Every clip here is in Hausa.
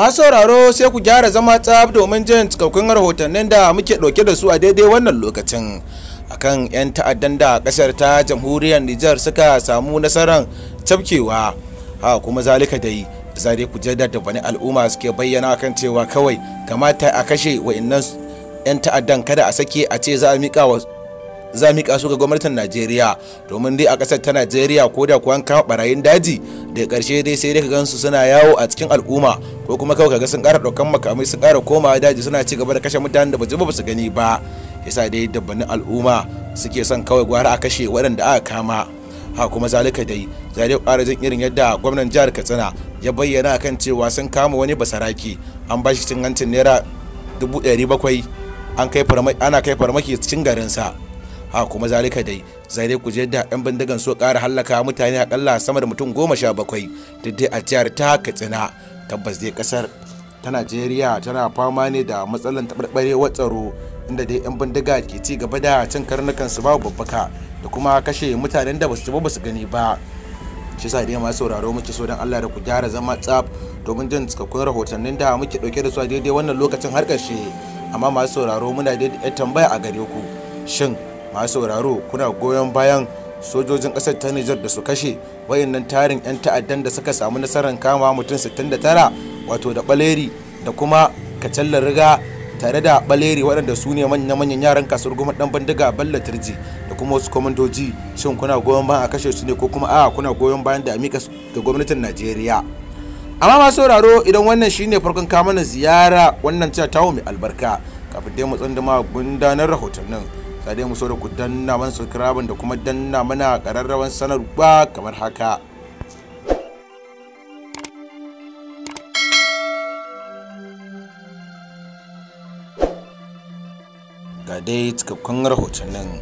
masu sauraro sai ku gyara zama tsab domin jin cikakkun rahotannin da muke ɗauke da su a daidai wannan lokacin akan 'yan ta'addan da ƙasar ta jamhuriyar nijar suka samu nasarar tafkewa ha kuma zalika dai zare ku da bani al'umma suke bayyana kan cewa kawai kamata a kashe wa'innan 'yan ta'addan kada a sake a ce za a miƙa wa za mu kasu ga gwamnatin najeriya domin dai a kasar ta najeriya ko da kuwan kama barayin daji da karshe dai sai dai ka gansu suna yawo a cikin al'umma ko kuma kawai kaga sun kara ɗaukan makamai sun kara komawa daji suna ci gaba da kashe mutanen da ba ba su gani ba yasa dai dabbanin al'umma suke son kawai gwara a kashe waɗanda aka kama ha kuma zalika dai zai ƙara jin irin yadda gwamnan jihar katsina ya bayyana kan cewa sun kama wani basaraki an bashi cin hancin naira dubu ɗari bakwai ana kai farmaki cikin garinsa ha kuma zalika dai zai dai kuje da yan bindigan so ƙara hallaka mutane akalla sama da mutum goma sha bakwai duk dai a jihar ta katsina tabbas dai kasar ta najeriya tana fama ne da matsalan taɓarɓarewar tsaro inda dai yan bindiga ke ci gaba da cin karnukan su babu babbaka da kuma kashe mutanen da basu ci ba basu gani ba shi sa dai masu sauraro muke so don Allah da ku gyara zama tsaf domin jin cikakkun rahotannin da muke ɗauke da su a daidai wannan lokacin har ƙarshe amma masu sauraro muna da tambaya a gare ku shin masu sauraro kuna goyon bayan sojojin kasar ta Nijar da su kashe wayannan tarin 'yan ta'addan da suka samu nasarar kama mutum 69 wato da baleri da kuma kacallar riga tare da baleri waɗanda su ne manyan manyan yaran kasuwar goma dan bandiga balla turji da kuma wasu kwamandoji shin kuna goyon bayan a kashe su ne ko kuma a kuna goyon bayan da amika ga gwamnatin najeriya amma masu sauraro idan wannan shine farkon kamanin ziyara wannan cewa tawo mai albarka kafin dai mu ma gundanar rahotannin sai mu so da ku danna mana subscribe da kuma danna mana ƙararrawan sanarwa kamar haka ga dai cikakkun rahotannin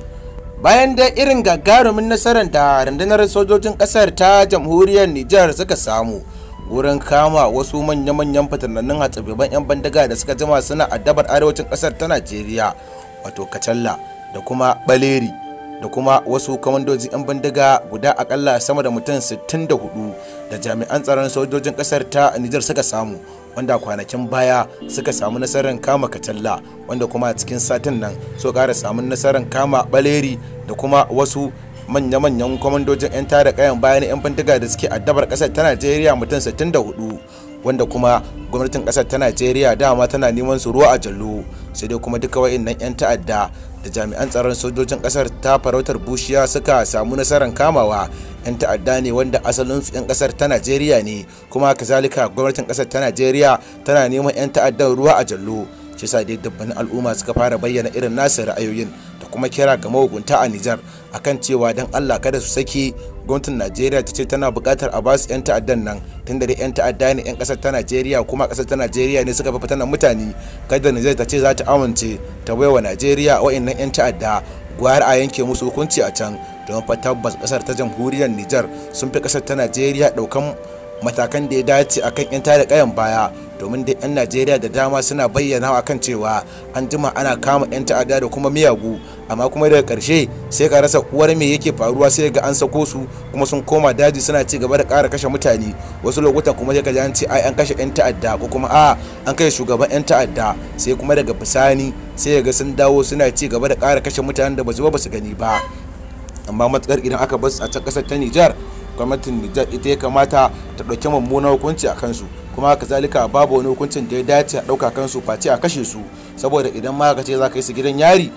bayan da irin gagarumin nasarar da rundunar sojojin kasar ta jamhuriyar niger suka samu wurin kama wasu manya-manyan fitanannin hatsabiban 'yan bandaga da suka jima suna addabar arewacin kasar ta najeriya wato kacalla da kuma baleri da kuma wasu kwamandoji 'yan bindiga guda akalla sama da mutum 64 da jami'an tsaron sojojin kasar ta nijar suka samu wanda kwanakin baya suka samu nasarar kama katalla wanda kuma cikin satin nan so kara samun nasarar kama baleri da kuma wasu manya-manyan kwamandojin 'yan tada kayan bayan 'yan bindiga da suke addabar kasar ta najeriya mutum 64 wanda kuma gwamnatin kasar ta najeriya dama tana neman su ruwa a Jallu sai dai kuma duka wa'annan 'yan ta'adda da jami'an tsaron sojojin kasar ta farautar bushiya suka samu nasarar kamawa 'yan ta'adda ne wanda asalin su 'yan kasar ta najeriya ne kuma kazalika gwamnatin kasar ta najeriya tana neman 'yan ta'addan ruwa a Jallu. shi sa dai dabbanin al'umma suka fara bayyana irin nasu ra'ayoyin da kuma kira ga mahukunta a Nijar akan cewa don Allah kada su saki gwamnatin Najeriya ta ce tana buƙatar a basu 'yan ta'addan nan tunda dai 'yan ta'adda ne 'yan ƙasar ta Najeriya kuma ƙasar ta Najeriya ne suka fi fitanan mutane kada Nijar ta ce za ta amince ta bai wa Najeriya wa'annan 'yan ta'adda gwar a yanke musu hukunci a can don fa tabbas ƙasar ta jamhuriyar Nijar sun fi kasar ta Najeriya ɗaukan matakan da ya dace akan 'yan tada ƙayan baya domin dai 'yan najeriya da dama suna bayyana a kan cewa an jima ana kama 'yan ta'adda da kuma miyagu amma kuma daga karshe sai ka rasa uwar mai yake faruwa sai ga an sako su kuma sun koma daji suna ci gaba da ƙara kashe mutane wasu lokutan kuma sai ka ji an ce ai an kashe 'yan ta'adda ko kuma a an kai shugaban 'yan ta'adda sai kuma daga bisani sai ga sun dawo suna ci gaba da ƙara kashe mutanen da ba su ba su gani ba amma matsar idan aka su a can ƙasar ta nijar gwamnatin nijar ita ya kamata ta ɗauki mummunan hukunci a kansu kuma kazalika babu wani hukuncin da ya dace a ɗauka kansu face a kashe su saboda idan ma ka ce za ka yi su gidan yari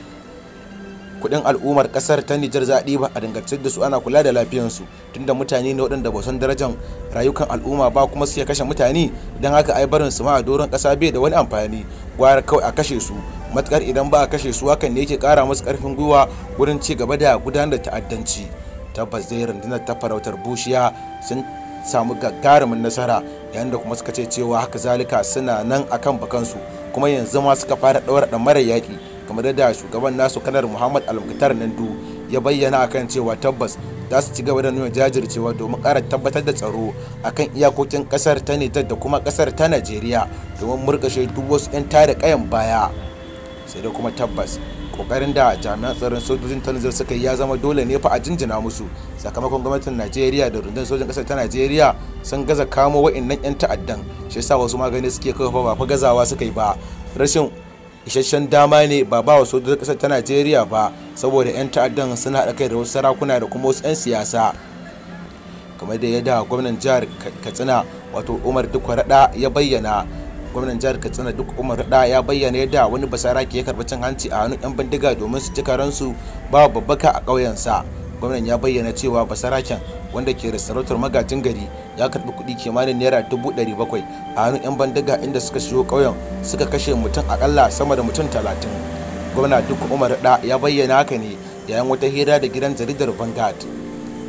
kudin al'ummar kasar ta Nijar zaɗi ba a dangance da su ana kula da lafiyansu tunda mutane ne waɗanda ba san darajar rayukan al'umma ba kuma suke kashe mutane don haka ai barin su ma a doron ƙasa bai da wani amfani gwara kawai a kashe su matukar idan ba a kashe su hakan ne yake kara masu karfin gwiwa wurin ci gaba da gudanar da ta'addanci tabbas zai rundunar ta farautar bushiya sun samu gagarumin nasara yayin da kuma suka ce cewa haka zalika suna nan akan bakansu kuma yanzu ma suka fara da marar yaki kamar da shugaban nasu kanar muhammad almuktar nandu ya bayyana akan cewa tabbas za su ci gaba da nuna jajircewa domin ƙara tabbatar da tsaro akan iyakokin ƙasar ta nijar da kuma kasar ta najeriya domin murƙashe duk wasu 'yan tare kayan baya sai da kuma tabbas kokarin da jami'an tsaron sojojin ta suka yi ya zama dole ne fa a jinjina musu sakamakon gwamnatin Najeriya da rundunar sojin kasar ta Najeriya sun gaza kamo wa'annan yan ta'addan shi yasa wasu magani suke kawo ba fa gazawa suka yi ba rashin isasshen dama ne ba ba wa sojojin kasar ta Najeriya ba saboda yan ta'addan suna haɗa kai da wasu sarakuna da kuma wasu yan siyasa kamar da yadda gwamnan jihar Katsina wato Umar raɗa ya bayyana gwamnan jihar katsina duk umar da ya bayyana yadda wani basarake ya karɓar cin hanci a hannun 'yan bindiga domin su ci karansu ba babbaka a ƙauyensa gwamnan ya bayyana cewa basaraken wanda ke sarautar magajin gari ya karbi kuɗi kimanin naira dubu ɗari a hannun 'yan bandiga inda suka shigo ƙauyen suka kashe mutum akalla sama da mutum talatin gwamna duk umar rada ya bayyana haka ne yayin wata hira da gidan jaridar vanguard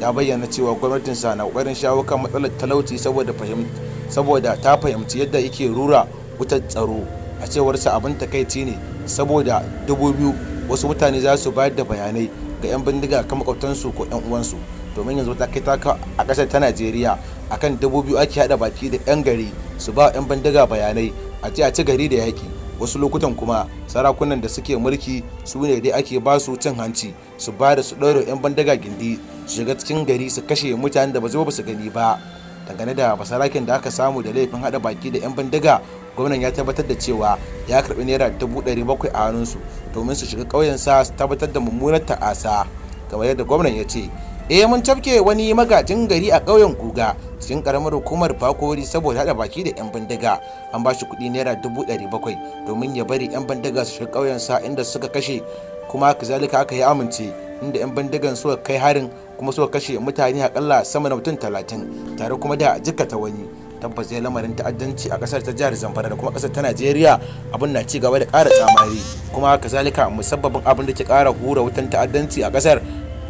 ya bayyana cewa sa na ƙoƙarin shawo kan matsalar talauci saboda fahimta saboda ta fahimci yadda yake rura wutar tsaro a cewarsa abin takaici ne saboda dubu biyu wasu mutane za su bayar da bayanai ga 'yan bindiga kan makwabtansu ko 'yan uwansu domin yanzu ta kai taka a ƙasar ta najeriya akan dubu biyu ake haɗa baki da 'yan gari su ba 'yan bindiga bayanai a ce a ci gari da yaƙi wasu lokutan kuma sarakunan da suke mulki su ne dai ake ba su cin hanci su ba da su ɗaure 'yan bindiga gindi su shiga cikin gari su kashe mutanen da ba zai ba su gani ba dangane da basarakin da aka samu da laifin hada baki da 'yan bindiga gwamnan ya tabbatar da cewa ya karbi naira dubu ɗari a hannunsu domin su shiga ƙauyensa su tabbatar da mummunar ta'asa kamar yadda gwamnan ya ce eh mun tafke wani magajin gari a ƙauyen guga cikin karamar hukumar bakori saboda hada baki da 'yan bindiga an ba shi kuɗi naira 700 domin ya bari 'yan bindiga su shiga ƙauyensa inda suka kashe kuma kazalika aka yi amince inda 'yan bindigan suka kai harin kuma suka kashe mutane akalla sama da mutum talatin tare kuma da ta wani tabbas ya lamarin ta'addanci a kasar ta jihar zamfara da kuma kasar ta najeriya abun na ci gaba da kara tsamari kuma kazalika musabbabin abin da ke kara hura wutan ta'addanci a kasar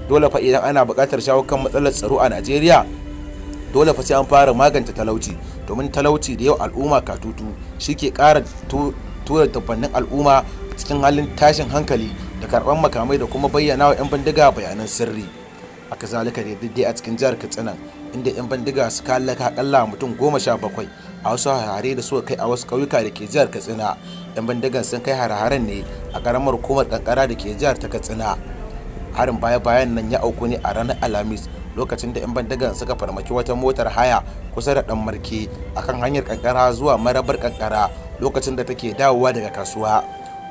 dole fa idan ana bukatar shawo kan matsalar tsaro a najeriya dole fa sai an fara magance talauci domin talauci da yau al'umma katutu shi ke kara tura tabbannin al'umma cikin halin tashin hankali da karɓar makamai da kuma bayyana wa 'yan bindiga bayanan sirri kazalika da duk a cikin jihar katsina inda 'yan bandiga suka halaka akalla mutum goma sha bakwai a wasu harare da suka kai a wasu ƙauyuka da ke jihar katsina 'yan bandigan sun kai hare ne a ƙaramar hukumar kankara da ke jihar ta katsina harin baya-bayan nan ya auku ne a ranar alhamis lokacin da 'yan bandigan suka farmaki wata motar haya kusa da marke akan hanyar kankara zuwa marabar kankara lokacin da take dawowa daga kasuwa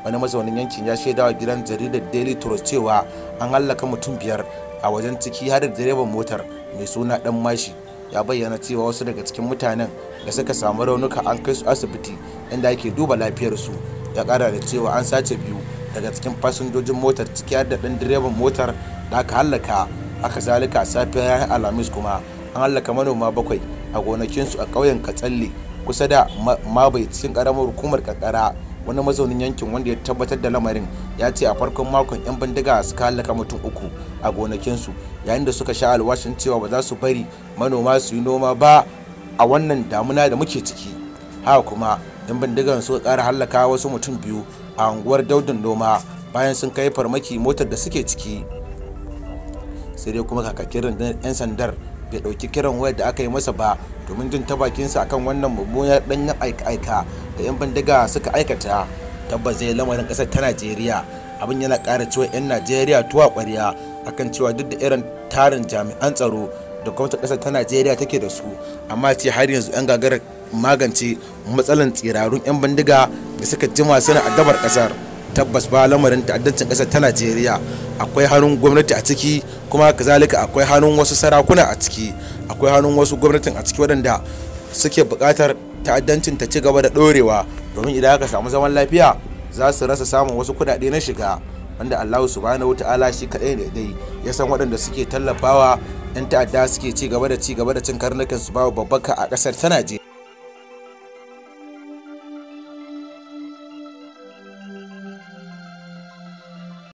wani mazaunin yankin ya wa gidan jaridar daily trust cewa an hallaka mutum biyar a wajen ciki har direban motar mai suna dan mashi ya bayyana cewa wasu daga cikin mutanen da suka samu raunuka an kai su asibiti inda ake duba lafiyarsu ya kara da cewa an sace biyu daga cikin fasinjojin motar ciki har da ɗan direban motar da aka hallaka aka zalika a safiyar yayin alhamis kuma an hallaka manoma bakwai a gonakinsu a ƙauyen katsalle kusa da mabai cikin ƙaramar hukumar kankara wani mazaunin yankin wanda ya tabbatar da lamarin ya ce a farkon makon 'yan bindiga suka halaka mutum uku a gonakinsu yayin da suka sha alwashin cewa ba za su bari manoma su yi noma ba a wannan damuna da muke ciki ha kuma 'yan bindigan suka kara halaka wasu mutum biyu a unguwar daudin noma bayan sun kai farmaki motar da suke ciki sai dai kuma kakakin rundunar 'yan sandar bai dauki kiran wayar da aka yi masa ba domin jin ta sa akan wannan mummunar ɗanyen aika-aika da 'yan bindiga suka aikata tabbas zai lamarin ƙasar ta najeriya abin yana kara cewa 'yan najeriya tuwa ƙwarya akan cewa duk da irin tarin jami'an tsaro da gwamnatin kasar ta najeriya take da su amma sai har yanzu 'yan gagarar magance matsalan tsirarun 'yan bindiga da suka jima suna a gabar ƙasar. tabbas ba lamarin ta'addancin ƙasar ta najeriya akwai hannun gwamnati a ciki kuma kazalika akwai hannun wasu sarakuna a ciki akwai hannun wasu gwamnatin a ciki waɗanda suke buƙatar ta'addancin ta ci gaba da ɗorewa domin idan aka samu zaman lafiya za su rasa samun wasu kuɗaɗe na shiga wanda allahu subhanahu ta'ala shi kaɗai ne dai ya san waɗanda suke tallafawa 'yan ta'adda suke ci gaba da ci gaba da cin karnukan su babu babbaka a ƙasar ta najeriya